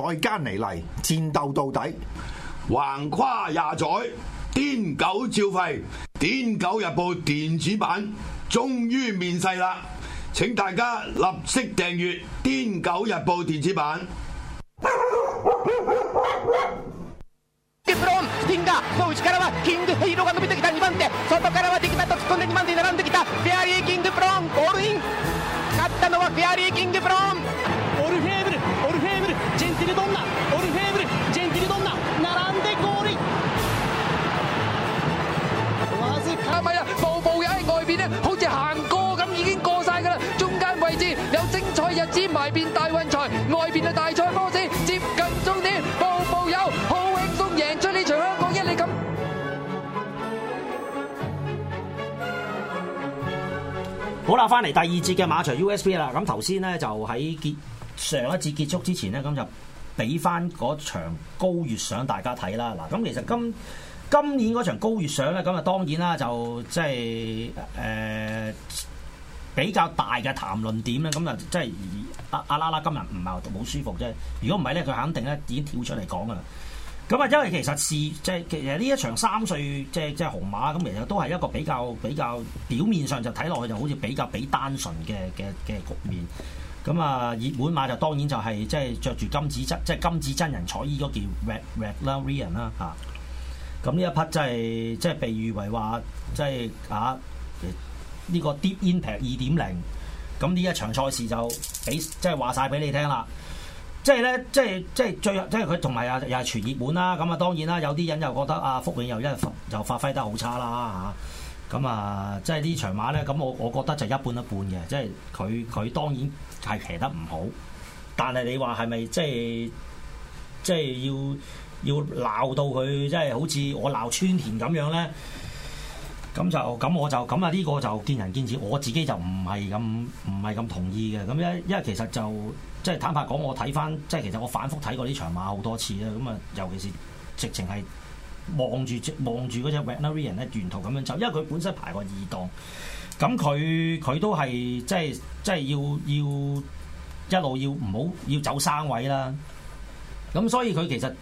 再加尼嚟，戰鬥到底，橫跨廿載，癲狗照吠，癲狗日報電子版終於面世啦！請大家立即訂閱《癲狗日報》電子版。邊好似行過咁，已經過晒噶啦！中間位置有精彩日子埋，遍大運財，外邊嘅大彩波士接近終點，步步有好永送，贏出呢場香港一厘金。你咁好啦，翻嚟第二節嘅馬場 U S B 啦。咁頭先呢就喺結上一節結束之前呢，咁就俾翻嗰場高月上大家睇啦。嗱，咁其實今今年嗰場高月賞咧，咁啊當然啦，就即係誒、呃、比較大嘅談論點咧。咁啊，即係阿阿拉拉今日唔係話好舒服啫。如果唔係咧，佢肯定咧已經跳出嚟講噶啦。咁啊，因為其實是即係其實呢一場三歲即係即係紅馬咁，其實都係一個比較比較表面上就睇落去就好似比較比較單純嘅嘅嘅局面。咁啊，熱門馬就當然就係、是、即係着住金子真即係金子真人彩衣嗰件 red red l o n rean 啦、啊、嚇。咁呢一匹真係即係被譽為話即係啊呢個 Deep Impact 二點零，咁呢一場賽事就俾即係話晒俾你聽啦。即係咧，即係即係最，即係佢同埋啊又係全熱門啦。咁啊，當然啦，有啲人又覺得啊，福永又一日又發揮得好差啦吓。咁啊，即係呢場馬咧，咁我我覺得就一半一半嘅，即係佢佢當然係騎得唔好，但係你話係咪即係即係要？要鬧到佢，即係好似我鬧村田咁樣咧，咁就咁我就咁啊！呢個就見仁見智，我自己就唔係咁唔係咁同意嘅。咁因因為其實就即係坦白講，我睇翻即係其實我反覆睇過呢場馬好多次啦。咁啊，尤其是直情係望住望住嗰隻 v e t i r i a n 咧，沿途咁樣走，因為佢本身排過二檔，咁佢佢都係即係即係要要一路要唔好要，要走三位啦。咁所以佢其實。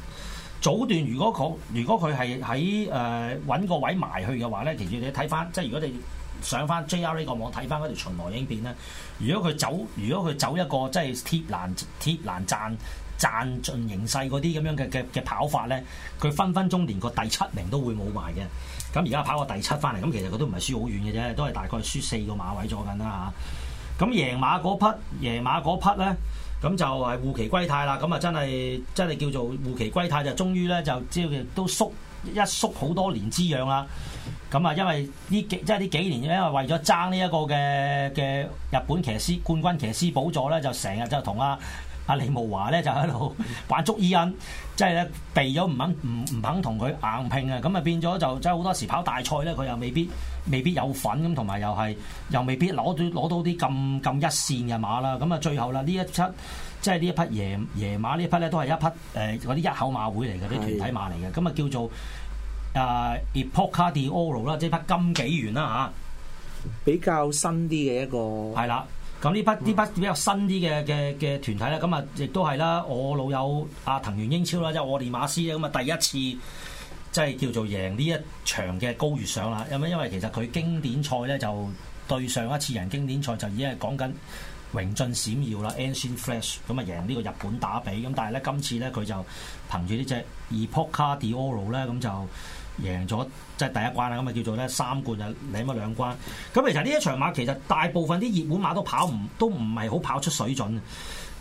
早段如果佢如果佢係喺誒揾個位埋去嘅話咧，其實你睇翻，即係如果你上翻 JRA 個網睇翻嗰條循環影片咧，如果佢走，如果佢走一個即係貼欄貼欄賺賺盡形勢嗰啲咁樣嘅嘅嘅跑法咧，佢分分鐘連個第七名都會冇埋嘅。咁而家跑個第七翻嚟，咁其實佢都唔係輸好遠嘅啫，都係大概輸四個馬位咗緊啦嚇。咁、啊、贏馬嗰匹，贏馬嗰匹咧。咁就係護旗歸太啦，咁啊真係真係叫做護旗歸太，就終於咧就即係都縮一縮好多年之樣啦。咁啊，因為呢幾即係呢幾年，因為為咗爭呢一個嘅嘅日本騎師冠軍騎師寶座咧，就成日就同阿。阿李慕華咧就喺度玩捉伊、e、恩，即係咧避咗唔肯唔唔肯同佢硬拼啊！咁啊變咗就即係好多時跑大賽咧，佢又未必未必有份咁，同埋又係又未必攞到攞到啲咁咁一線嘅馬啦。咁啊最後啦，呢一出即係呢一匹野爺馬呢一匹咧都係一匹誒嗰啲一口馬會嚟嘅啲團體馬嚟嘅，咁啊的叫做誒 Epoca d'Oro 啦，即、呃、係匹金紀元啦嚇，啊、比較新啲嘅一個。係啦。咁呢筆呢筆比較新啲嘅嘅嘅團體咧，咁啊，亦都係啦。我老友阿藤原英超啦，即係我尼馬斯咧，咁啊第一次即係叫做贏呢一場嘅皐月賞啦。因為因為其實佢經典賽咧就對上一次贏經典賽就已經係講緊榮進閃耀啦，Eishin Flash 咁啊贏呢個日本打比咁，但係咧今次咧佢就憑住呢隻 Epoca d'Oro 咧咁就。贏咗即係第一關啦，咁啊叫做咧三冠就領咗兩關。咁其實呢一場馬其實大部分啲熱門馬都跑唔都唔係好跑出水準。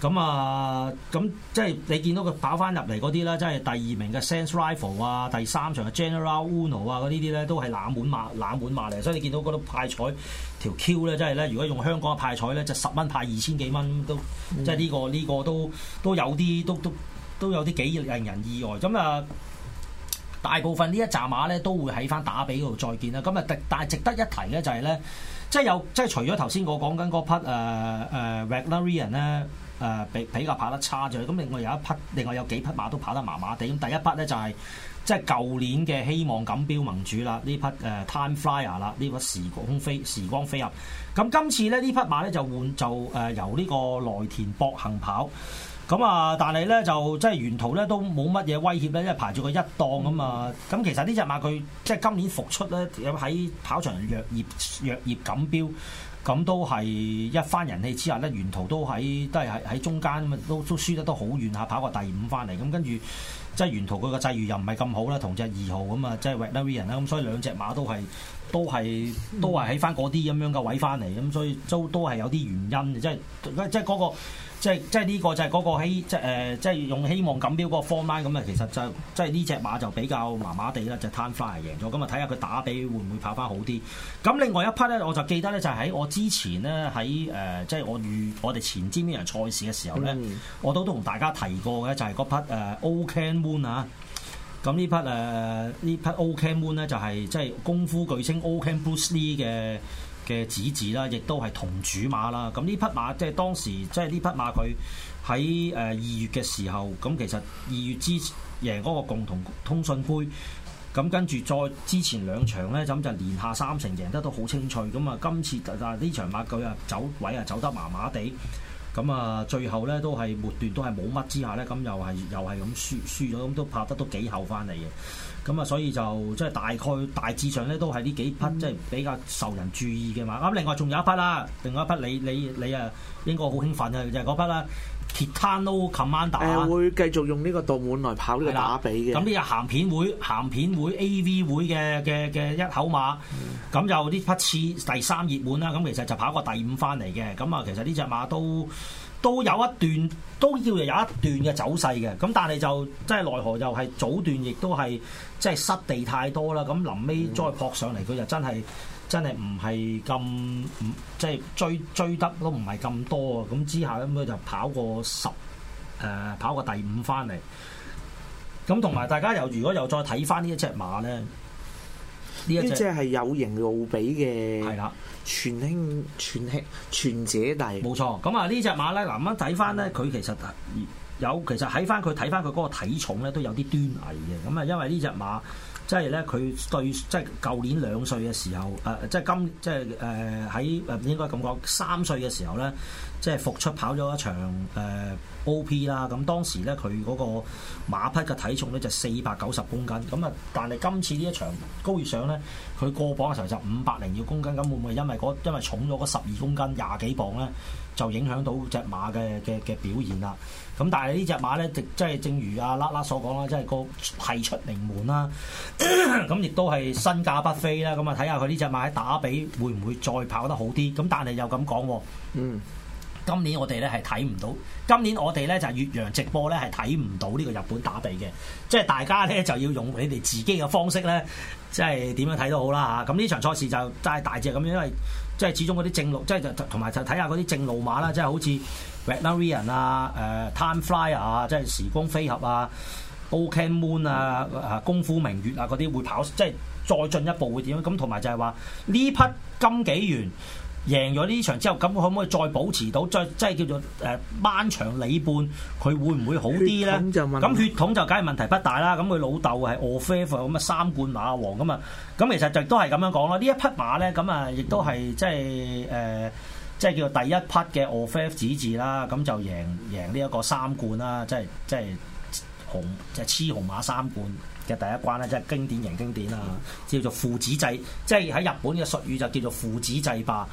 咁啊咁即係你見到佢跑翻入嚟嗰啲咧，即係第二名嘅 Sense Rifle 啊，第三場嘅 General Uno 啊嗰啲啲咧都係冷門馬冷門馬嚟，所以你見到嗰度派彩條 Q 咧，即係咧如果用香港嘅派彩咧，就十蚊派二千幾蚊都即係呢、呢個呢、呢個都有都有啲都都都有啲幾令人意外咁啊！大部分一呢一紮馬咧都會喺翻打比度再見啦。咁啊，但係值得一提咧，就係、是、咧，即係有即係除咗頭先我講緊嗰匹誒誒、呃、Wagnerian 咧誒比比較跑得差咗。咁另外有一匹，另外有幾匹馬都跑得麻麻地。咁第一匹咧就係即係舊年嘅希望錦標盟主啦。呢匹誒 time flyer 啦，呢匹時光飛，時光飛入。咁今次咧呢匹馬咧就換就誒由呢個內田博幸跑。咁啊，但係咧就即、是、係沿途咧都冇乜嘢威脅咧，因為排住個一檔咁啊。咁、嗯、其實呢隻馬佢即係今年復出咧，喺跑場弱業弱業錦標，咁都係一翻人氣之下咧，沿途都喺都係喺喺中間咁都都輸得都好遠下，跑個第五翻嚟。咁跟住即係沿途佢個際遇又唔係咁好啦，同隻二號咁啊，即係 Wagnerian 啦。咁所以兩隻馬都係都係都係喺翻嗰啲咁樣嘅位翻嚟，咁所以都都係有啲原因，嘅、就是，即係即係嗰個。即係即係呢個就係嗰，嗰個即係誒，呃，即係用希望錦標嗰個 form line 咁啊，其實就即係呢隻馬就比較麻麻地啦，就 time fly 贏咗咁啊，睇下佢打比會唔會跑翻好啲？咁另外一匹咧，我就記得咧就喺我之前咧喺誒即係我預我哋前瞻呢場賽事嘅時候咧，嗯，我都都同大家提過嘅就係嗰匹誒 Okan Moon 啊。咁呢匹誒呢匹 Okan Moon 咧就係即係功夫巨星 Okan Bruce Lee 嘅嘅指子啦，亦都係同主馬啦。咁呢匹馬即係當時，即係呢匹馬佢喺誒二月嘅時候，咁其實二月之前贏嗰個共同通訊杯，咁跟住再之前兩場咧，就咁就連下三成贏得都好清脆。咁啊，今次啊呢場馬佢啊走位啊走得麻麻地，咁啊最後咧都係末段都係冇乜之下咧，咁又係又係咁輸輸咗，咁都拍得都幾厚翻嚟嘅。咁啊，嗯、所以就即係大概大致上咧，都係呢幾匹即係比較受人注意嘅嘛。咁另外仲有一匹啦、啊，另外一匹你你你啊，應該好興奮啊，就係嗰匹啦。鐵攤 low 冚 a n d a 誒會繼續用呢個盜門來跑呢個打比嘅。咁呢隻鹹片會鹹片會 A V 會嘅嘅嘅一口馬，咁、嗯、就呢匹次第三熱門啦。咁其實就跑過第五翻嚟嘅。咁啊，其實呢隻馬都都有一段都要有一段嘅走勢嘅。咁但係就即係奈何又係早段亦都係即係失地太多啦。咁臨尾再撲上嚟，佢就真係。嗯嗯真係唔係咁，即係追追得都唔係咁多啊！咁之後咁佢就跑過十，誒、呃、跑過第五翻嚟。咁同埋大家又如果又再睇翻呢一隻馬咧，呢一隻係有形露比嘅，係啦的，全兄全兄全姐弟。冇錯，咁啊呢隻馬咧，嗱咁睇翻咧，佢是的 其實有其實喺翻佢睇翻佢嗰個體重咧，都有啲端倪嘅。咁啊，因為呢隻馬。即係咧，佢對即係舊年兩歲嘅時候，誒、呃、即係今即係誒喺應該咁講三歲嘅時候咧，即係復出跑咗一場誒、呃、OP 啦。咁當時咧佢嗰個馬匹嘅體重咧就四百九十公斤。咁啊，但係今次呢一場皐月賞咧，佢過磅嘅時候就五百零二公斤。咁會唔會因為、那個、因為重咗嗰十二公斤廿幾磅咧？就影響到隻馬嘅嘅嘅表現啦。咁但係呢隻馬咧，即係正如阿拉拉所講啦，即係個係出名門啦、啊。咁亦都係身價不菲啦。咁啊睇下佢呢隻馬喺打比會唔會再跑得好啲。咁但係又咁講，嗯，今年我哋咧係睇唔到，今年我哋咧就係越洋直播咧係睇唔到呢個日本打比嘅。即係大家咧就要用你哋自己嘅方式咧，即係點樣睇都好啦嚇。咁呢場賽事就真係大致咁樣，因為。即係始終嗰啲正路，即係就同埋就睇下嗰啲正路馬啦，即係好似《Redmarian》啊、誒、呃《Time Flyer》啊，即係時光飛俠啊，《Ok Moon》啊、功夫明月啊》啊嗰啲會跑，即係再進一步會點樣咁？同埋就係話呢匹金紀元。贏咗呢場之後，咁可唔可以再保持到，再即係叫做誒班、呃、長里半，佢會唔會好啲咧？咁血統就梗係問題不大啦。咁佢老豆係 Off F 咁啊三冠馬王咁啊，咁其實就都係咁樣講啦。呢一匹馬咧，咁啊亦都係即係誒，即係、呃、叫做第一匹嘅 Off F 之子啦。咁就贏贏呢一個三冠啦，即係即係紅即係雌紅馬三冠。嘅第一關咧，即係經典型經典啊，叫做父子制，即係喺日本嘅術語就叫做父子制霸。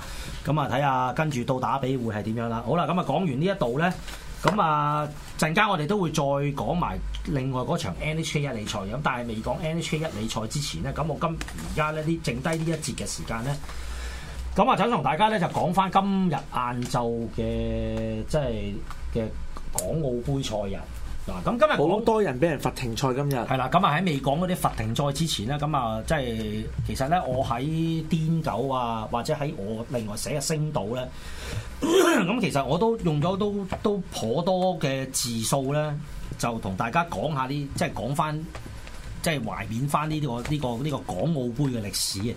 咁啊，睇下跟住到打比會係點樣啦。好啦，咁啊講完呢一度咧，咁啊陣間我哋都會再講埋另外嗰場 NHK 一理賽。咁但係未講 NHK 一理賽之前咧，咁我今而家咧呢剩低呢一節嘅時間咧，咁啊想同大家咧就講翻今日晏晝嘅即係嘅港澳杯賽日。咁今日好多人俾人罰停賽今，今日係啦。咁啊喺未講嗰啲罰停賽之前咧，咁啊即係其實咧，我喺癲狗啊，或者喺我另外寫嘅星島咧，咁其實我都用咗都都頗多嘅字數咧，就同大家講下啲即係講翻，即係懷緬翻呢個呢、呢個呢、呢個呢個港澳盃嘅歷史嘅。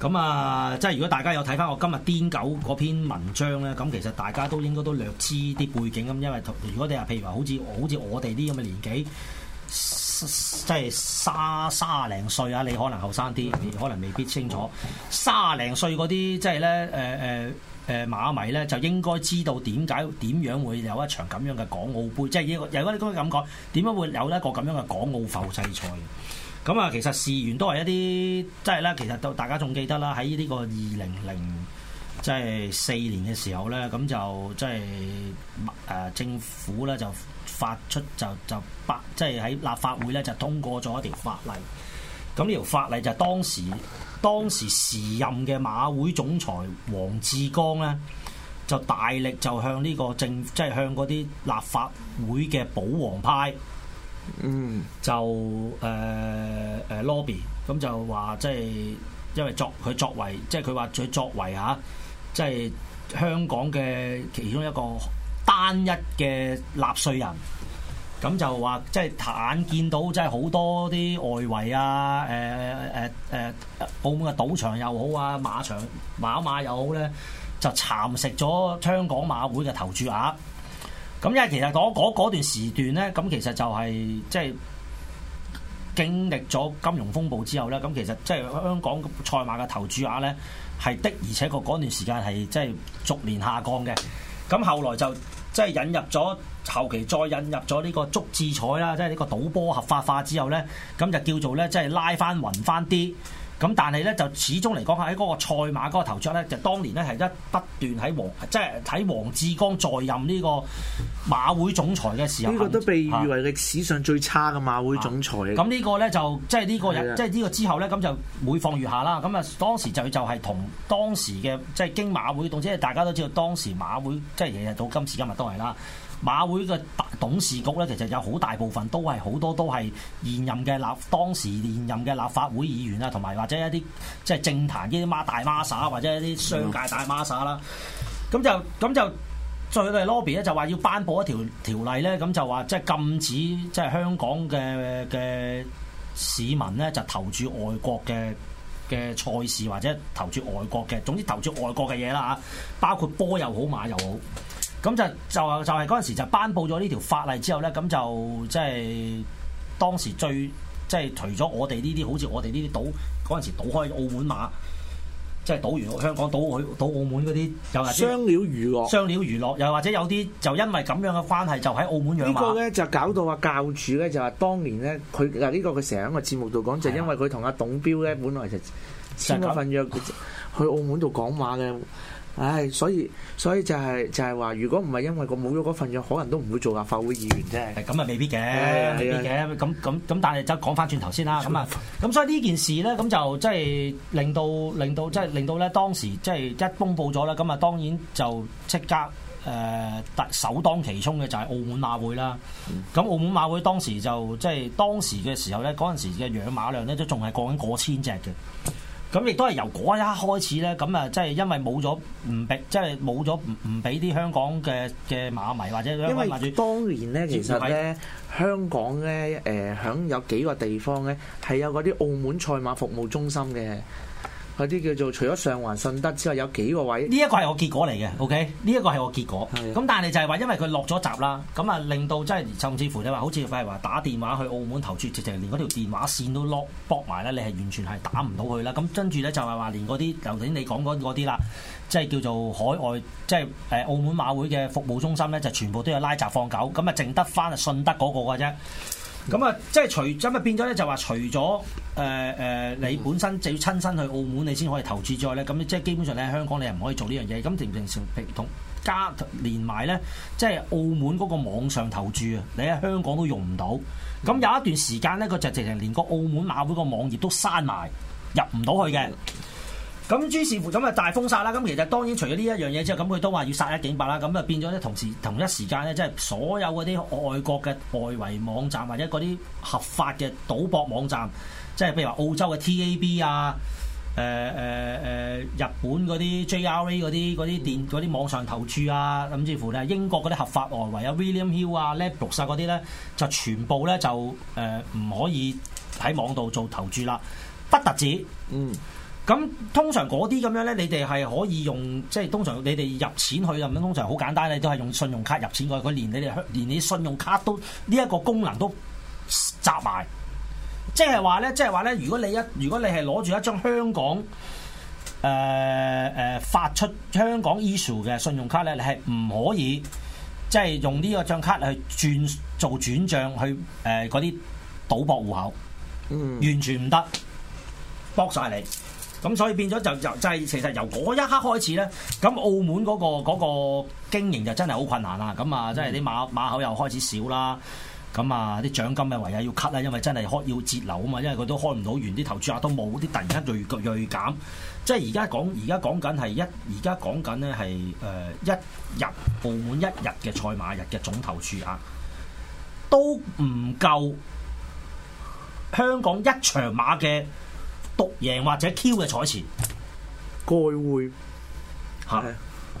咁啊，即係如果大家有睇翻我今日癲狗嗰篇文章咧，咁其實大家都應該都略知啲背景。咁，因為如果你話譬如話好似好似我哋啲咁嘅年紀，即係卅卅零歲啊，你可能後生啲，你可能未必清楚。卅零歲嗰啲即係咧，誒誒誒馬迷咧，就應該知道點解點樣會有一場咁樣嘅港澳盃，即係呢個。如果你咁講，點樣會有一個咁樣嘅港澳埠際賽？咁啊，其實事緣都係一啲，即係咧，其實都大家仲記得啦，喺呢個二零零即係四年嘅時候咧，咁就即係誒政府咧就發出就就把即係喺立法會咧就通過咗一條法例。咁呢條法例就當時當時時任嘅馬會總裁黃志剛咧，就大力就向呢、這個政即係向嗰啲立法會嘅保皇派。嗯，feeder, 就誒誒 lobby，咁就話即係因為作佢作為，即係佢話佢作為嚇，即係香港嘅其中一個單一嘅納稅人,咁就話即係眼見到即係好多啲外圍啊，誒誒誒，澳門嘅賭場又好啊，馬場馬馬又好咧，就蠶食咗香港馬會嘅投注額。咁因為其實嗰嗰段時段咧，咁其實就係即係經歷咗金融風暴之後咧，咁其實即係香港賽馬嘅投注額咧係的，的而且個嗰段時間係即係逐年下降嘅。咁後來就即係引入咗，後期再引入咗呢個足智彩啦，即係呢個賭波合法化之後咧，咁就叫做咧即係拉翻勻翻啲。咁但係咧，就始終嚟講喺嗰個賽馬嗰個頭獎咧，就當年咧係一不斷喺黃，即係睇黃志光在任呢個馬會總裁嘅時候，呢個都被譽為歷史上最差嘅馬會總裁。咁、啊、呢、呢個咧就即係呢個，即係呢個之後咧，咁就每況愈下啦。咁啊，當時就就係同當時嘅即係經馬會，總之大家都知道當時馬會，即係其實到今時今日都係啦。馬會嘅董事局咧，其實有好大部分都係好多都係現任嘅立當時現任嘅立法會議員啊，同埋或者一啲即係政壇啲啲大孖沙，或者一啲商界大孖沙啦。咁就咁就再嚟 lobby 咧，就話要頒布一條條例咧，咁就話即係禁止即係香港嘅嘅市民咧就投注外國嘅嘅賽事，或者投注外國嘅，總之投注外國嘅嘢啦吓，包括波又好，馬又好。咁就就就係嗰陣時就頒佈咗呢條法例之後咧，咁就即係、就是、當時最即係、就是、除咗我哋呢啲，好似我哋呢啲賭嗰陣時賭開澳門馬，即、就、係、是、賭完香港賭去賭澳門嗰啲，又係雙料娛樂、雙料娛樂，又或者有啲就因為咁樣嘅關係，就喺澳門養馬。個呢個咧就搞到話教主咧就話，當年咧佢嗱呢、呢個佢成日喺個節目度講，嗎就因為佢同阿董彪咧，本來就簽過份約去澳門度講話嘅。 唉，所以所以就係、是、就係、是、話，如果唔係因為我冇咗嗰份約，可能都唔會做立法會議員啫。咁啊， 未必嘅， 未必嘅。咁咁咁，但係就講翻轉頭先啦。咁啊，咁 所以呢件事咧，咁就即係令到令到即係令到咧，當時即係一公佈咗啦。咁啊，當然就即刻誒、呃，首當其衝嘅就係澳門馬會啦。咁 澳門馬會當時就即係當時嘅時候咧，嗰陣時嘅養馬量咧都仲係過緊過千隻嘅。咁亦都係由嗰一刻開始咧，咁啊，即係因為冇咗唔俾，即係冇咗唔唔俾啲香港嘅嘅馬迷或者迷，因為當年咧，其實咧原來 香港咧，誒、呃、響有幾個地方咧係有嗰啲澳門賽馬服務中心嘅。有啲叫做除咗上環、信德之外，有幾個位？呢一個係我結果嚟嘅，OK？呢一個係我結果。咁是的 但係就係話，因為佢落咗閘啦，咁啊令到即係甚至乎你話，好似例如話打電話去澳門投注，直情連嗰條電話線都 lock block 埋啦，你係完全係打唔到佢啦。咁跟住咧就係話，連嗰啲頭先你講嗰啲啦，即係叫做海外，即係誒澳門馬會嘅服務中心咧，就全部都有拉閘放狗，咁啊淨得翻信德嗰個嘅啫。咁啊，即係除咗，咁啊變咗咧，就話除咗誒誒，你本身就要親身去澳門，你先可以投注之外咧。咁即係基本上你喺香港，你係唔可以做呢樣嘢。咁成唔成成同加連埋咧？即係澳門嗰個網上投注啊，你喺香港都用唔到。咁有一段時間咧，佢就直情連個澳門馬會個網頁都閂埋，入唔到去嘅。咁諸氏乎咁啊大封殺啦！咁其實當然除咗呢一樣嘢之後，咁佢都話要殺一儆百啦。咁啊變咗咧，同時同一時間咧，即係所有嗰啲外國嘅外圍網站或者嗰啲合法嘅賭博網站，即係譬如話澳洲嘅 TAB 啊，誒誒誒日本嗰啲 JRA 嗰啲嗰啲電嗰啲網上投注啊，甚至乎咧英國嗰啲合法外圍啊 William Hill 啊、Ladbrokes、啊、嗰啲咧，就全部咧就誒呃、唔可以喺網度做投注啦，不特止嗯。咁通常嗰啲咁樣咧，你哋係可以用即係通常你哋入錢去咁樣，通常好簡單咧，你都係用信用卡入錢去。佢連你哋香，連你信用卡都呢一、這個功能都閘埋。即係話咧，即係話咧，如果你一如果你係攞住一張香港誒誒、呃呃、發出香港 issue 嘅信用卡咧，你係唔可以即係用呢個張卡去轉做轉帳去誒嗰啲賭博戶口，嗯、完全唔得，博晒你。咁所以變咗就就就係其實由嗰一刻開始咧，咁澳門嗰個嗰個經營就真係好困難啦。咁啊，即係啲馬馬口又開始少啦。咁啊，啲獎金啊，唯有要 cut 啦、啊，因為真係開要節流啊嘛，因為佢都開唔到完，啲投注額都冇，啲突然間鋭鋭減。即係而家講而家講緊係一而家講緊咧係誒一日澳門一日嘅賽馬日嘅總投注額都唔夠香港一場馬嘅。獨贏或者 Q 嘅彩前該會吓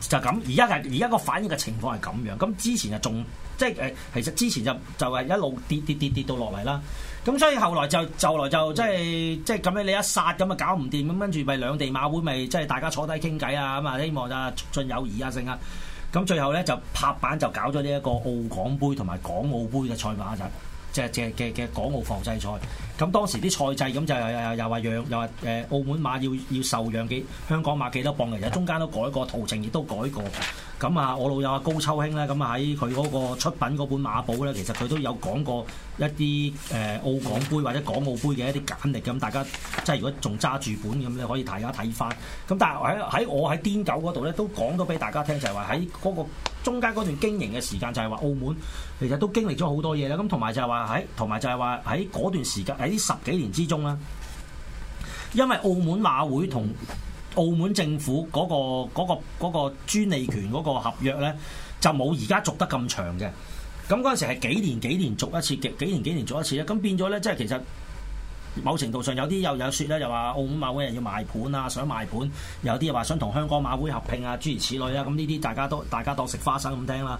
就咁、是。而家係而家個反應嘅情況係咁樣。咁之前就仲即係誒，其實之前就就係、是、一路跌跌跌跌，跌，跌到落嚟啦。咁所以後來就就，就來就即係即係咁樣，你一殺咁啊搞唔掂咁，跟住咪兩地馬會咪即係大家坐低傾偈啊咁啊，希望就促進友誼啊成啊。咁最後咧就拍板就搞咗呢一個澳港杯同埋港澳杯嘅賽馬就即係嘅嘅嘅港澳埠際賽。就是咁當時啲賽制咁就又又又話讓，又話誒，澳門馬要要受讓幾香港馬幾多磅嘅，其實中間都改過，途程亦都改過。咁啊，我老友阿高秋興咧，咁啊喺佢嗰個出品嗰本馬報咧，其實佢都有講過一啲誒澳港杯或者港澳杯嘅一啲簡歷，咁大家即係如果仲揸住本咁你可以大家睇翻。咁但係喺喺我喺癲狗嗰度咧，都講咗俾大家聽，就係話喺嗰個中間嗰段經營嘅時間，就係話澳門其實都經歷咗好多嘢啦。咁同埋就係話喺同埋就係話喺嗰段時間喺十幾年之中啦，因為澳門馬會同。澳門政府嗰個嗰個嗰個專利權嗰個合約咧，就冇而家續得咁長嘅。咁嗰陣時係幾年幾年續一次，幾幾年幾年續一次咧。咁變咗咧，即係其實某程度上有啲又有説咧，又話澳門馬會要賣盤啊，想賣盤；有啲又話想同香港馬會合併啊，諸如此類啊。咁呢啲大家都大家當食花生咁聽啦。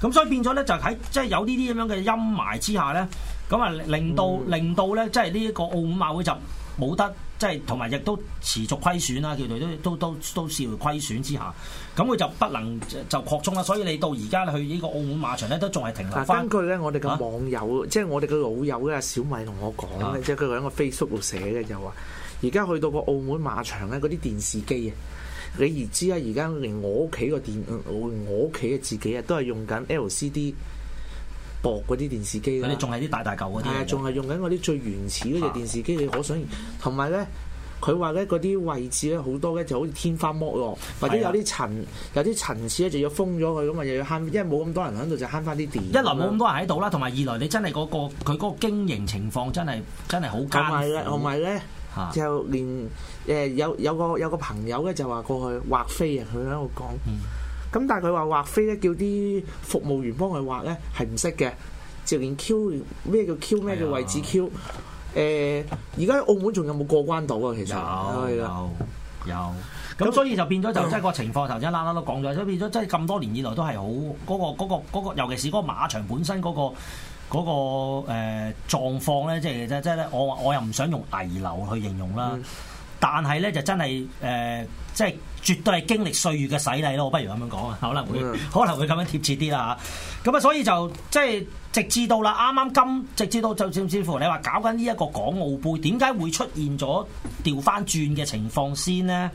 咁所以變咗咧，就喺即係有呢啲咁樣嘅陰霾之下咧，咁啊令到、嗯、令到咧，即係呢一個澳門馬會就。冇得即係，同埋亦都持續虧損啦，叫做都都都都係虧損之下，咁佢就不能就擴充啦。所以你到而家去呢個澳門馬場咧，都仲係停留翻。根據咧我哋嘅網友，啊、即係我哋嘅老友咧，小米同我講咧，啊、即係佢喺個 Facebook 度寫嘅就話，而家去到個澳門馬場咧，嗰啲電視機啊，你而知啦、啊，而家連我屋企個電，我屋企嘅自己啊，都係用緊 LCD。薄嗰啲電視機咧，佢哋仲係啲大大嚿嗰啲，係啊對，仲係用緊嗰啲最原始嗰隻電視機。啊、你可想而知，同埋咧，佢話咧嗰啲位置咧好多咧，就好似天花剝落喎，的或者有啲層有啲層次咧，就要封咗佢咁啊，又要慳，因為冇咁多人喺度就慳翻啲電。一來冇咁多人喺度啦，同埋二來你真係嗰、那個佢嗰個經營情況真係真係好艱苦。同埋咧，同埋咧，啊、就連誒、呃、有有個有個朋友咧就話過去劃飛人，佢喺度講。嗯咁但係佢話畫飛咧，叫啲服務員幫佢畫咧係唔識嘅，仲連 Q 咩叫 Q 咩是、啊、叫位置 Q？誒、呃，而家澳門仲有冇過關到啊？其實有有有，咁所以就變咗就是、啊、即係個情況頭先啱啱都講咗，所以變咗即係咁多年以來都係好嗰個嗰、那個、尤其是嗰個馬場本身嗰、那個嗰、那個誒、呃、狀況咧，即係即係咧，我我又唔想用危樓去形容啦，但係咧就真係誒、呃、即係。絕對係經歷歲月嘅洗禮咯，我不如咁樣講啊，可能會 Yeah. 可能會咁樣貼切啲啦嚇。咁啊，所以就即係直至到啦，啱啱今直至到就甚至乎你話搞緊呢一個港澳盃，點解會出現咗調翻轉嘅情況先呢？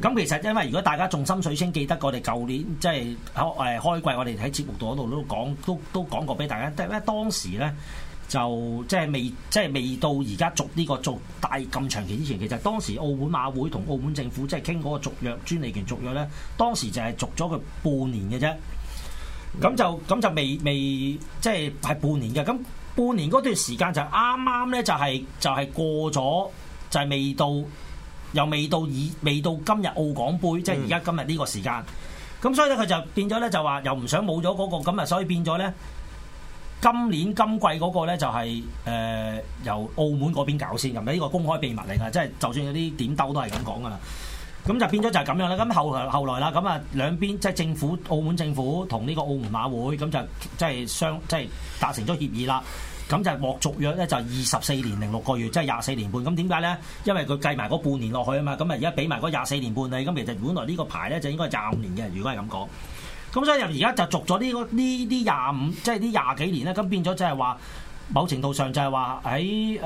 咁、mm. 其實因為如果大家重心水清記得我哋舊年即係開誒開季，我哋喺節目度都講都都講過俾大家，即係咩當時咧。就即係未，即係未到而家續呢個續大咁長期之前，其實當時澳門馬會同澳門政府即係傾嗰個續約專利權續約咧，當時就係續咗佢半年嘅啫。咁就咁就未未即係係半年嘅。咁半年嗰段時間就啱啱咧，就係就係過咗，就係未到，又未到已，未到今日澳港杯，嗯、即係而家今日呢個時間。咁所以咧，佢就變咗咧，就話又唔想冇咗嗰個，咁啊，所以變咗咧。今年今季嗰個咧就係、是、誒、呃、由澳門嗰邊搞先咁，咪呢個公開秘密嚟㗎，即、就、係、是、就算有啲點兜都係咁講㗎啦。咁就變咗就係咁樣啦。咁後後來啦，咁啊兩邊即係、就是、政府澳門政府同呢個澳門馬會咁就即係相即係達成咗協議啦。咁就落續約咧就二十四年零六個月，即係廿四年半。咁點解咧？因為佢計埋嗰半年落去啊嘛。咁啊而家俾埋嗰廿四年半你，咁其實本來呢個牌咧就應該係廿五年嘅，如果係咁講。咁所以而家就續咗呢個呢啲廿五，即係啲廿幾年咧，咁變咗即係話，某程度上就係話喺誒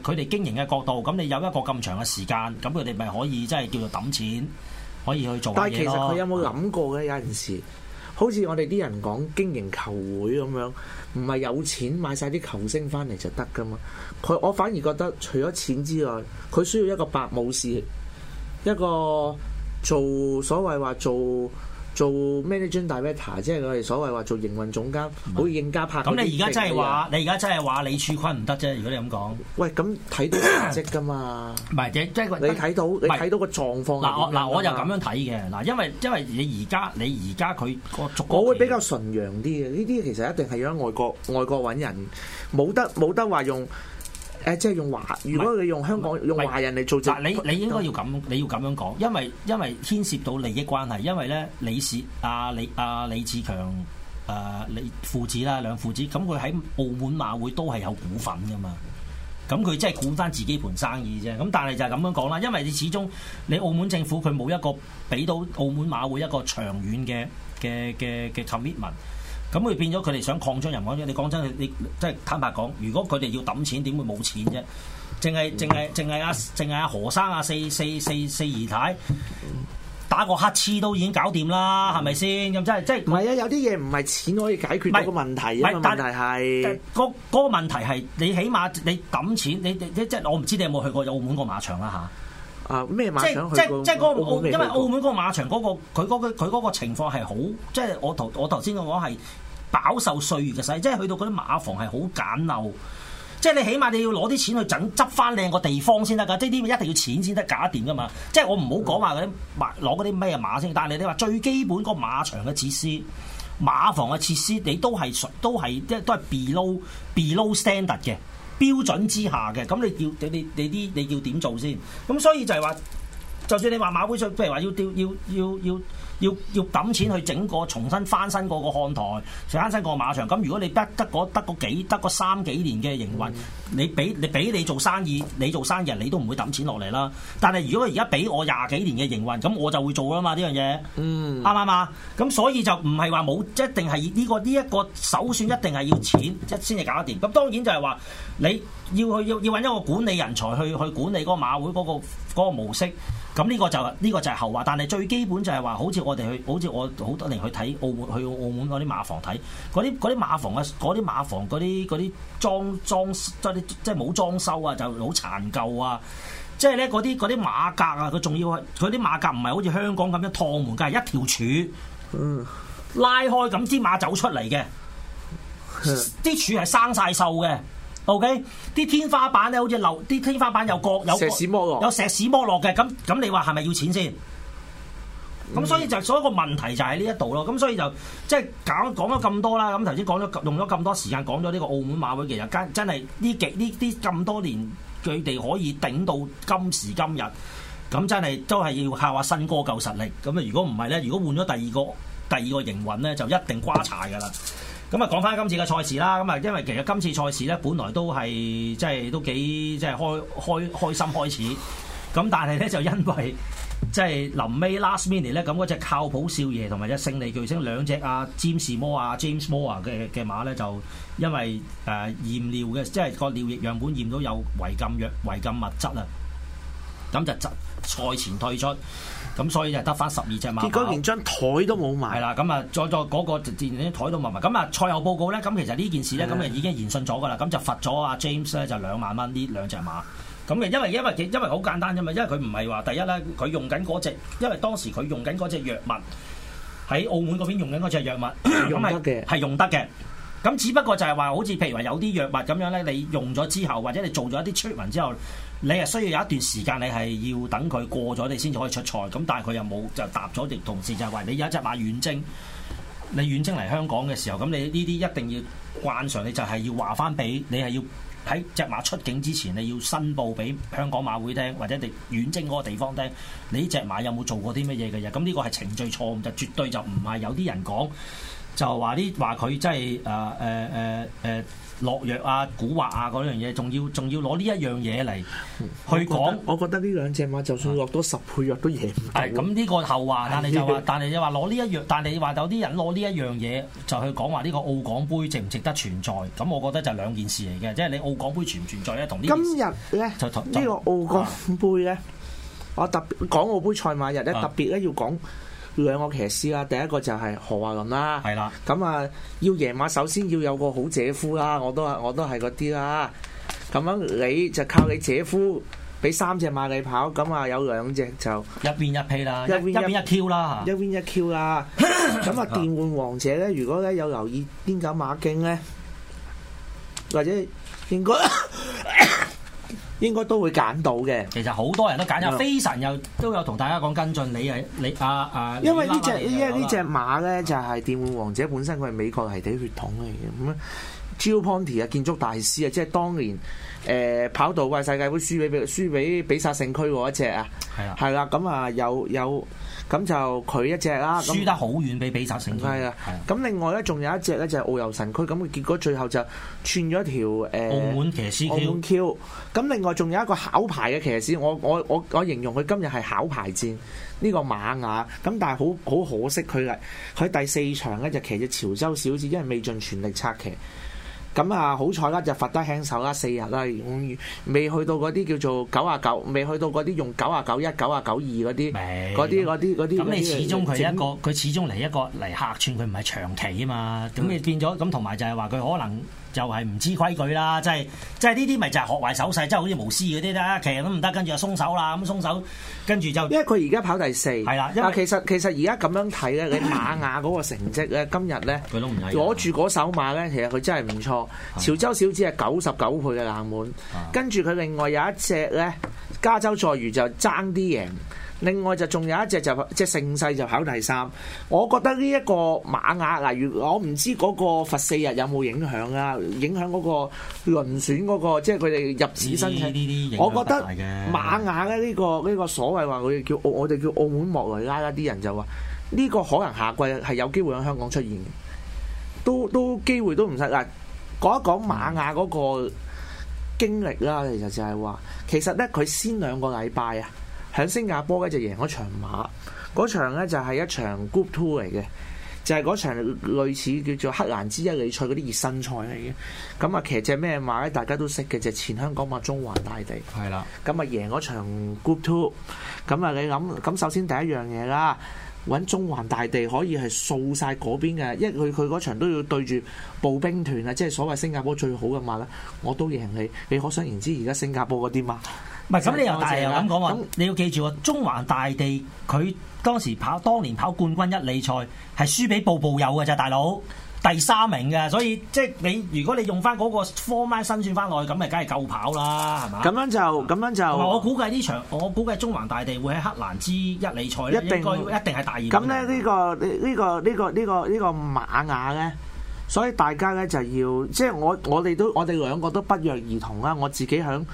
佢哋經營嘅角度，咁你有一個咁長嘅時間，咁佢哋咪可以即係叫做揼錢，可以去做下嘢咯。但係其實佢有冇諗過嘅有陣時，好似我哋啲人講經營球會咁樣，唔係有錢買晒啲球星翻嚟就得噶嘛？佢我反而覺得除咗錢之外，佢需要一個白武士，一個做所謂話做。做 managing director 即係佢哋所謂話做營運總監，好是應加拍。咁你而家真係話，你而家真係話李柱坤唔得啫？如果你咁講，喂，咁睇到成績㗎嘛？唔係， 即即係你睇到但你睇是到個狀況。嗱我嗱我，我就咁樣睇嘅嗱，因為因為你而家你而家佢，我會比較純陽啲嘅。呢啲其實一定係要喺外國外國揾人，冇得冇得話用。誒，即係用華，是如果你用香港是用華人嚟做嗱，你你應該要咁，你要咁樣講，因為因為牽涉到利益關係，因為咧李氏阿李阿李志強誒、呃、李父子啦兩父子，咁佢喺澳門馬會都係有股份㗎嘛，咁佢即係管返自己盤生意啫，咁但係就係咁樣講啦，因為你始終你澳門政府佢冇一個俾到澳門馬會一個長遠嘅嘅嘅嘅 commitment。咁會變咗，佢哋想擴張人。唔擴張你講真，你真你即係坦白講，如果佢哋要揼錢，點會冇錢啫？淨係淨係淨係阿淨係阿，阿何生啊，四四四四姨太打個乞嗤都已經搞掂啦，係咪先？咁真係即係唔係啊？有啲嘢唔係錢可以解決到問題啊！個問題係個嗰個問題係你起碼你揼錢，你，你，你即係我唔知你有冇去過澳門個馬場啦嚇。啊啊！咩馬即？即即即嗰個澳，因為澳門嗰個馬場嗰個佢嗰個佢嗰個情況係好，即係我頭我頭先嘅講係飽受歲月嘅洗，即係去到嗰啲馬房係好簡陋，即係你起碼你要攞啲錢去整執翻靚個地方先得㗎，即係呢啲一定要錢先得搞掂㗎嘛。即係我唔好講話嗰啲馬攞嗰啲咩馬先，但係你你話最基本個馬場嘅設施、馬房嘅設施，你都係屬都係即係都係 below below standard 嘅。標準之下嘅，咁你要你你你啲你要點做先？咁所以就係話，就算你話馬會想，譬如話要吊要要要。要要要要要揼錢去整個重新翻新嗰個看台，重新翻新過馬場。咁如果你得得幾得嗰幾得嗰三幾年嘅營運，你俾你俾你做生意，你做生意人你都唔會揼錢落嚟啦。但係如果而家俾我廿幾年嘅營運，咁我就會做啦嘛，呢樣嘢，啱唔啱啊？咁所以就唔係話冇即一定係呢個呢一個首選一定係要錢，即係先至搞得掂。咁當然就係話你要去要要揾一個管理人才去去管理嗰個馬會嗰個嗰個模式。咁呢個就呢個就係後話，但係最基本就係話，好似我哋去，好似我好多年去睇澳門，去澳門嗰啲馬房睇，嗰啲啲馬房啊，嗰啲馬房啲啲裝裝即係冇裝修啊，就好殘舊啊，即係呢嗰啲啲馬格啊，佢仲要佢啲馬格唔係好似香港咁樣趟門梗係一條柱拉開咁支馬走出嚟嘅，啲柱係生晒銹嘅。O K，啲天花板咧好似流，啲天花板有角有各石屎有石屎剝落嘅，咁咁你話係咪要錢先？咁、嗯、所以就所有個問題就喺呢一度咯。咁所以就即係講講咗咁多啦。咁頭先講咗用咗咁多時間講咗呢個澳門馬會，其實真真係呢幾呢啲咁多年佢哋可以頂到今時今日，咁真係都係要靠下新歌夠實力。咁啊，如果唔係咧，如果換咗第二個第二個營運咧，就一定瓜柴噶啦。咁啊，講翻今次嘅賽事啦。咁啊，因為其實今次賽事咧，本來都係即係都幾即係開開開心開始。咁但係咧就因為即係臨尾 last minute 咧，咁嗰隻靠譜少爺同埋隻勝利巨星兩隻啊 James Moore 啊 James Moore 嘅嘅馬咧就因為誒驗、呃、尿嘅，即係個尿液樣本驗到有違禁藥違禁物質啊，咁就執賽前退出。咁所以就得翻十二隻馬,馬，結果連張台都冇埋，係啦，咁啊再再嗰、那個自然啲台都冇埋。咁啊賽後報告咧，咁其實呢件事咧，咁就是的 已經研訊咗㗎啦。咁就罰咗阿 James 咧就兩萬蚊呢兩隻馬。咁嘅因為因為因為好簡單啫嘛，因為佢唔係話第一咧，佢用緊嗰隻，因為當時佢用緊嗰隻藥物喺澳門嗰邊用緊嗰隻藥物，用,藥物用得係 用得嘅。咁只不過就係話好似譬如話有啲藥物咁樣咧，你用咗之後，或者你做咗一啲 treatment 之後。你係需要有一段時間，你係要等佢過咗，你先至可以出賽。咁但係佢又冇就答咗，定同時就係、是、話你有一隻馬遠征，你遠征嚟香港嘅時候，咁你呢啲一定要慣常，你就係要話返俾你係要喺隻馬出境之前，你要申報俾香港馬會聽，或者你遠征嗰個地方聽，你呢隻馬有冇做過啲乜嘢嘅嘢？咁呢個係程序錯誤，就絕對就唔係有啲人講就話啲話佢真係誒誒誒誒。呃呃呃落藥啊，蠱惑啊嗰樣嘢，仲要仲要攞呢一樣嘢嚟去講。我覺得呢兩隻馬就算落多十倍藥都贏唔到。係咁呢個後話，但係就話但係你話攞呢一樣，但係你話有啲人攞呢一樣嘢就去講話呢個澳港杯值唔值得存在？咁我覺得就係兩件事嚟嘅，即係你澳港杯存唔存在咧，同呢今日咧就呢個澳港杯咧，是的 我特別講澳杯賽馬日咧是的 特別咧要講。兩個騎師啦，第一個就係何華麟啦。係啦的，咁啊要贏馬，首先要有個好姐夫啦，我都係我都係嗰啲啦。咁樣你就靠你姐夫俾三隻馬你跑，咁啊有兩隻就一邊一 P 啦，一邊一,一,一 Q 啦，一邊一 Q 啦。咁啊 電換王者咧，如果咧有留意邊九馬經咧，或者應該。 應該都會揀到嘅。其實好多人都揀咗，飛神又都有同大家講跟進。你係你啊，啊，因為呢隻、嗯、因為隻馬呢隻馬咧就係電玩王者，本身佢係美國泥地血統嚟嘅。咁啊 j o p o n t y 啊建築大師、呃、是啊，啊，即係當年誒跑道賽世界盃輸俾輸俾比薩聖區嗰一隻啊，係啦，咁啊有有。有咁就佢一隻啦，輸得好遠俾比澤城區啊！咁的的另外咧，仲有一隻咧就係、是、奧遊神區，咁佢結果最後就串咗條誒、呃、澳門騎師。澳門 Q。咁另外仲有一個考牌嘅騎師，我我我我形容佢今日係考牌戰呢、這個馬雅，咁但係好好可惜佢第佢第四場咧就是、騎隻潮州小子，因為未盡全力策騎。咁啊，嗯、好彩啦，就罰得輕手啦，四日啦、啊，未去到嗰啲叫做九啊九，未去到嗰啲用九啊九一、九啊九二嗰啲，嗰啲嗰啲嗰啲。咁你始終佢一個，佢整始終嚟一個嚟客串，佢唔係長期啊嘛。咁你、嗯、吧變咗，咁同埋就係話佢可能。就係唔知規矩啦，即係即係呢啲咪就係、就係、學壞手勢，即係好似無師嗰啲啦，其實都唔得，跟住就鬆手啦，咁鬆手，跟住就因為佢而家跑第四，係啦，但係、啊、其實其實而家咁樣睇咧， 你馬雅嗰個成績咧，今日咧，佢都唔攞住嗰手馬咧，其實佢真係唔錯。潮州小子係九十九倍嘅冷門。 跟住佢另外有一隻咧，加州賽魚就爭啲贏。另外就仲有一隻就即係盛世就考第三，我覺得呢一個馬雅，例如我唔知嗰個佛四日有冇影響啊？影響嗰個輪選嗰、那個，即係佢哋入紙申請。我覺得馬雅咧呢個呢、這個所謂話，佢叫我哋叫澳門莫雷拉啦啲人就話，呢、這個可能下季係有機會喺香港出現，都都機會都唔細嗱。講一講馬雅嗰個經歷啦、就是，其實就係話，其實咧佢先兩個禮拜啊。喺新加坡咧就贏嗰場馬，嗰場咧就係一場 Group Two 嚟嘅，就係、是、嗰場類似叫做克蘭芝一哩賽嗰啲熱身賽嚟嘅。咁啊騎隻咩馬咧，大家都識嘅，就是、前香港馬中環大地。係啦的，咁啊贏嗰場 Group Two，咁啊你諗咁首先第一樣嘢啦，揾中環大地可以係掃晒嗰邊嘅，因為佢嗰場都要對住步兵團啊，即、就、係、是、所謂新加坡最好嘅馬啦，我都贏你。你可想而知而家新加坡嗰啲馬。唔係咁，你又大又咁講話，你要記住啊！中環大地佢當時跑當年跑冠軍一哩賽係輸俾步步友嘅咋，大佬，第三名嘅，所以即係你如果你用翻嗰個 form o 算翻落去，咁咪梗係夠跑啦，係嘛？咁樣就咁樣就、啊、我估計呢場，我估計中環大地會喺黑蘭之一哩賽一定一定係第二名。咁咧呢個呢、呢個呢、呢個呢、呢個呢、呢個馬雅咧，所以大家咧就要即係我我哋都我哋兩個都不約而同啦，我自己響。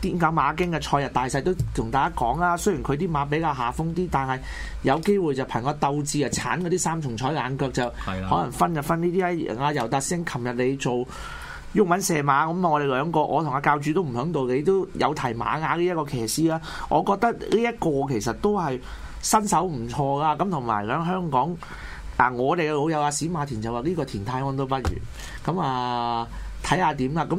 啲狗馬經嘅賽日大細都同大家講啦，雖然佢啲馬比較下風啲，但係有機會就憑個鬥志啊，鏟嗰啲三重彩眼腳就可能分就分呢啲啊！阿尤達星琴日你做英文射馬，咁啊，我哋兩個，我同阿教主都唔響度，你都有提馬雅呢一個騎師啦。我覺得呢一個其實都係身手唔錯噶，咁同埋響香港，嗱、啊、我哋嘅老友阿、啊、史馬田就話呢個田泰安都不如，咁啊睇下點啦，咁。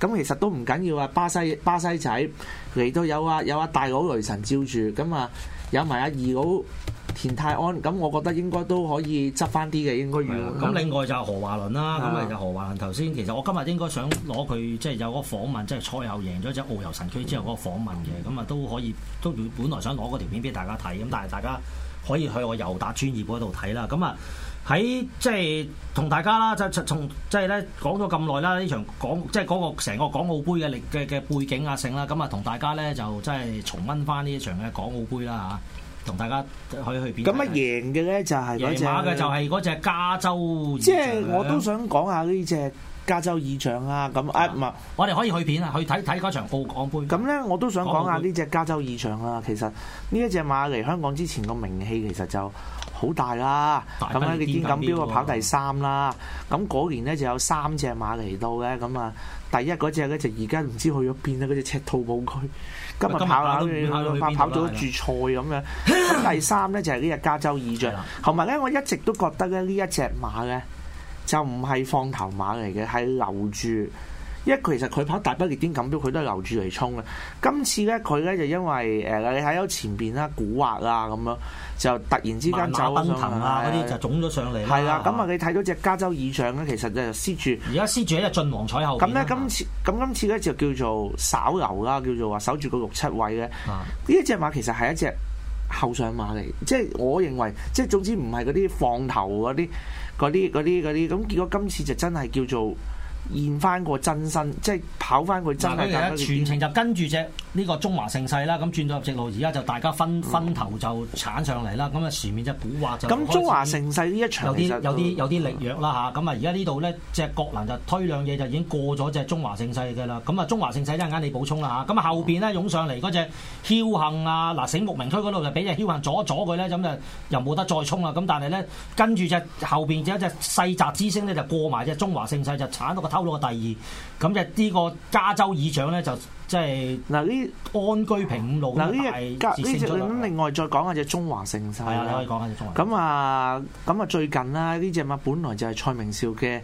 咁其實都唔緊要啊！巴西巴西仔嚟到有啊有啊大佬雷神照住咁啊，有埋阿二佬田泰安，咁我覺得應該都可以執翻啲嘅應該。係啊，咁另外就何華麟啦，咁啊就何華麟頭先其實我今日應該想攞佢即係有嗰個訪問，即係賽後贏咗隻澳遊神區之後嗰個訪問嘅，咁啊都可以都本來想攞嗰條片俾大家睇，咁但係大家可以去我尤達專業嗰度睇啦。咁啊。喺即係同大家啦，就從即係咧講，咗咁耐啦，呢場港即係嗰成個港澳杯嘅歷嘅嘅背景啊，成、嗯、啦，咁啊同大家咧就即係重溫翻呢場嘅港澳杯啦吓，同大家可以去片，咁啊贏嘅咧就係贏馬嘅就係嗰隻加州。即係我都想講下呢隻加州異象啊，咁啊唔啊，我哋可以去片啊，去睇睇嗰場澳港杯。咁咧我都想講下呢隻加州異象啦，其實呢一隻馬嚟香港之前個名氣其實就。好大啦，咁咧佢肩錦標啊跑第三啦，咁嗰、啊、年咧就有三隻馬嚟到嘅，咁、嗯、啊第一嗰隻咧就而家唔知去咗邊啦，嗰隻赤兔寶駒今日跑跑，跑跑跑跑咗注賽咁樣，咁 第三咧就係呢隻加州二將，同埋咧我一直都覺得咧呢一隻馬咧就唔係放頭馬嚟嘅，係留住。因為其實佢跑大不列顛錦標，佢都係留住嚟衝嘅。今次咧，佢咧就因為誒、呃，你睇到前邊啦，古惑啊咁樣，就突然之間走騰啊，奔騰啊嗰啲就腫咗上嚟。係啦，咁啊，你睇到隻加州以上咧，其實就黐住。而家黐住咧就晉王彩後咁咧呢，今次咁今次咧就叫做稍留啦，叫做話守住個六七位咧。呢、嗯、一隻馬其實係一隻後上馬嚟，即係我認為，即係總之唔係嗰啲放頭嗰啲、嗰啲、嗰啲、嗰啲，咁結果今次就真係叫做。叫做現翻個真身，即係跑翻個真身。嗱，全程就跟住隻呢個中華盛世啦，咁、嗯、轉咗入直路，而家就大家分分頭就鏟上嚟啦，咁啊前面古就古惑就。咁、嗯、中華盛世呢一場有啲點有啲有啲力弱啦吓，咁啊而家呢度呢隻國蘭就推兩嘢就已經過咗隻中華盛世嘅啦，咁啊中華盛世一陣間你補充啦吓，咁啊後邊咧湧上嚟嗰隻翹幸啊嗱醒目名區嗰度就俾隻翹幸阻一阻佢咧，咁就又冇得再衝啊，咁但係咧跟住隻後邊有一隻勢襲之星呢，就過埋隻中華盛世就鏟到個。抽到個第二，咁就呢個加州議長咧就即係嗱呢安居平路嗱呢隻咁，另外再講下隻中華盛世啊，你可以講下隻中華盛世，咁啊咁啊最近啦呢隻嘛，本來就係蔡明少嘅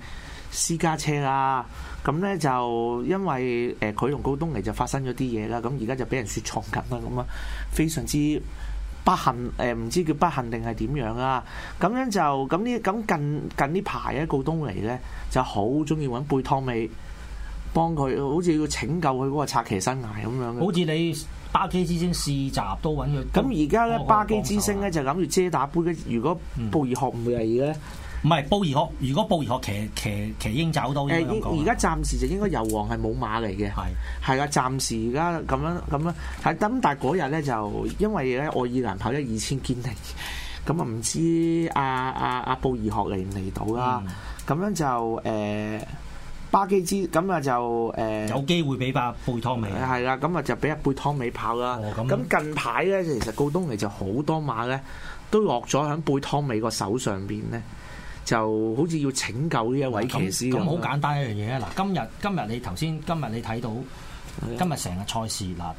私家車啦，咁咧就因為誒佢同高東尼就發生咗啲嘢啦，咁而家就俾人說錯緊啦，咁啊非常之。不幸誒唔知叫不幸定係點樣啊。咁樣就咁呢咁近近呢排咧，告東尼咧就好中意揾貝湯美，幫佢好似要拯救佢嗰個策騎生涯咁樣。好似你巴基之星試閘都揾佢。咁而家咧巴基之星咧、啊、就諗住遮打杯，如果布爾學唔嚟咧。嗯嗯唔係布爾學，如果布爾學騎騎騎英找到，應該而家暫時就應該遊王係冇馬嚟嘅，係係啊。暫時而家咁樣咁樣係咁，但係嗰日咧就因為咧愛爾蘭跑咗二千堅尼，咁啊唔知阿阿阿布爾學嚟唔嚟到啦？咁樣、嗯、就誒、呃、巴基之咁啊就誒、呃、有機會俾翻貝湯美係啦。咁啊就俾阿貝湯美跑啦。咁、哦、近排咧，其實告東尼就好多馬咧都落咗喺貝湯美個手上邊咧。就好似要拯救呢一位騎師咁。樣好吧簡單一樣嘢啊！嗱，今日今日你頭先今日你睇到的今日成個賽事嗱，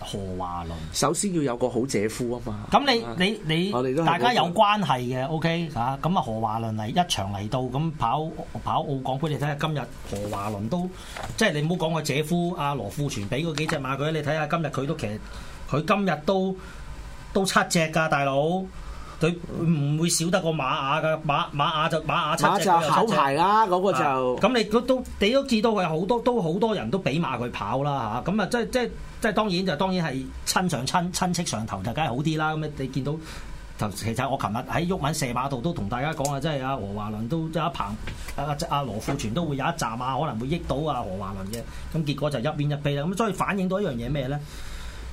何華麟首先要有個好姐夫啊嘛。咁你你你，你啊、你大家有關係嘅 OK 啊？咁啊何華麟嚟一場嚟到，咁跑跑澳港盃，你睇下今日何華麟都即係你唔好講個姐夫阿、啊、羅富全俾嗰幾隻馬佢，你睇下今日佢都其實佢今日都都七隻㗎大佬。佢唔會少得個馬雅噶，馬馬雅就馬雅七隻，馬就考牌啦嗰個就。咁你都，你都知道佢好多，都好多人都俾馬佢跑啦嚇。咁啊，即即即當然就當然係親上親，親戚上頭就梗係好啲啦。咁、啊、你見到，頭其實我琴日喺鬱文射馬度都同大家講啊，啊，啊，即係阿何華麟都有一棚，阿阿阿羅富全都會有一站啊，可能會益到阿、啊、何華麟嘅。咁、啊、結果就一邊一臂啦。咁所以反映到一樣嘢咩咧？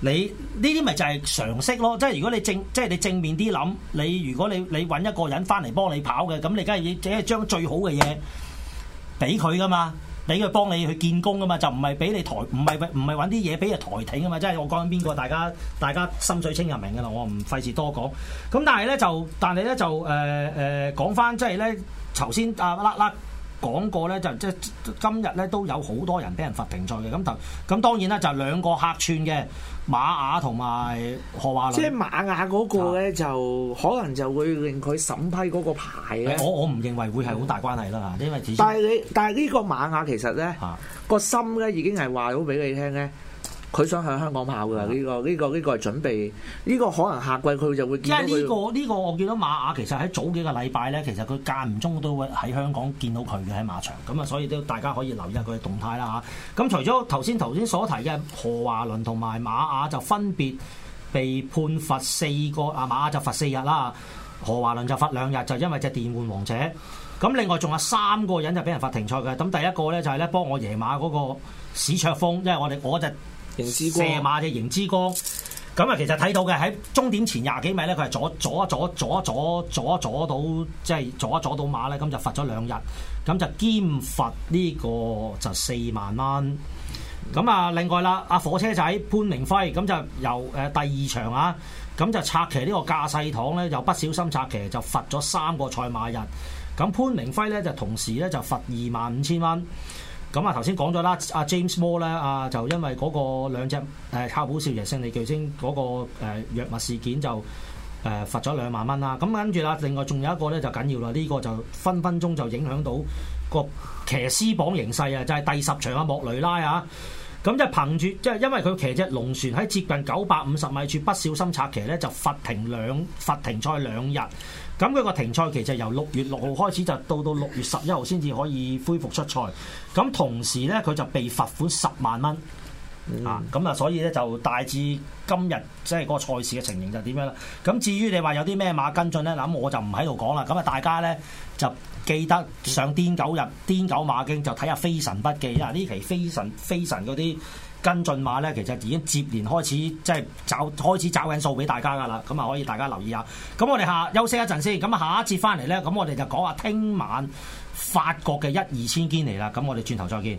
你呢啲咪就係常識咯，即係如果你正即係你正面啲諗，你如果你你揾一個人翻嚟幫你跑嘅，咁你梗係要即係將最好嘅嘢俾佢噶嘛，俾佢幫你去建功噶嘛，就唔係俾你抬唔係唔係揾啲嘢俾人抬艇噶嘛，即係我講緊邊個，大家大家心水清人明噶啦，我唔費事多講。咁但係咧就但係咧就誒誒、呃呃、講翻即係咧頭先啊啦啦。啊啊講過咧就即、是、係今日咧都有好多人俾人罰停賽嘅，咁頭咁當然啦，就兩個客串嘅馬雅同埋何華麟，即係馬雅嗰個咧是的 就可能就會令佢審批嗰個牌我我唔認為會係好大關係啦嚇，嗯、因為之前，但係你但係呢個馬雅其實咧個是的 心咧已經係話好俾你聽咧。佢想向香港跑㗎呢，嗯這個呢，這個呢個係準備呢，這個可能下季佢就會見到，這個。因為呢個呢個我見到馬雅其實喺早幾個禮拜咧，其實佢間唔中都會喺香港見到佢嘅喺馬場咁啊，所以都大家可以留意下佢嘅動態啦嚇。咁除咗頭先頭先所提嘅何華麟同埋馬雅就分別被判罰四個啊，馬雅就罰四日啦，何華麟就罰兩日，就因為隻電換王者咁。另外仲有三個人就俾人罰停賽嘅。咁第一個咧就係咧幫我爺馬嗰個史卓峰，因為我哋我就是。射馬嘅盈之光，咁啊，其實睇到嘅喺終點前廿幾米咧，佢係阻一阻一阻一阻一阻一阻一阻，一阻到，即、就、係、是、阻一阻到馬咧，咁就罰咗兩日，咁就兼罰呢個就四萬蚊。咁啊、嗯，另外啦，啊火車仔潘明輝咁就由誒第二場啊，咁就策騎呢個駕駛堂咧，又不小心策騎就罰咗三個賽馬日，咁潘明輝咧就同時咧就罰二萬五千蚊。咁啊，頭先講咗啦，阿 James Moore 咧，阿就因為嗰個兩隻誒卡普少爺勝利巨星嗰個誒藥物事件就誒罰咗兩萬蚊啦。咁跟住啊，另外仲有一個咧就緊要啦，呢、這個就分分鐘就影響到個騎師榜形勢啊！就係、是、第十場啊，莫雷拉啊，咁就憑住即係因為佢騎隻龍船喺接近九百五十米處不小心策騎咧，就罰停兩罰停賽兩日。咁佢個停賽期就由六月六號開始，就到到六月十一號先至可以恢復出賽。咁同時咧，佢就被罰款十萬蚊。嗯、啊，咁啊，所以咧就大致今日即係嗰個賽事嘅情形就點樣啦？咁至於你話有啲咩馬跟進咧，嗱，我就唔喺度講啦。咁啊，大家咧就記得上癲《癲狗日癲狗馬經》就睇下飛神筆記，因為呢期飛神飛神嗰啲。跟進馬咧，其實已經接連開始即係找開始找緊數俾大家噶啦，咁啊，可以大家留意下。咁我哋下休息一陣先，咁下一節翻嚟咧，咁我哋就講下聽晚法國嘅一二千堅尼啦。咁我哋轉頭再見。